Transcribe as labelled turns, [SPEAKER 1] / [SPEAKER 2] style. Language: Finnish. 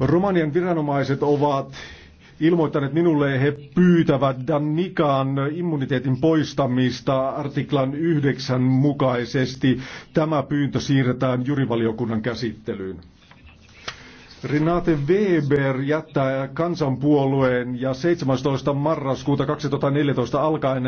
[SPEAKER 1] Romanian viranomaiset ovat ilmoittaneet minulle, että he pyytävät Danikan immuniteetin poistamista artiklan 9 mukaisesti. Tämä pyyntö siirretään jurivaliokunnan käsittelyyn. Renate Weber jättää kansanpuolueen ja 17. marraskuuta 2014 alkaen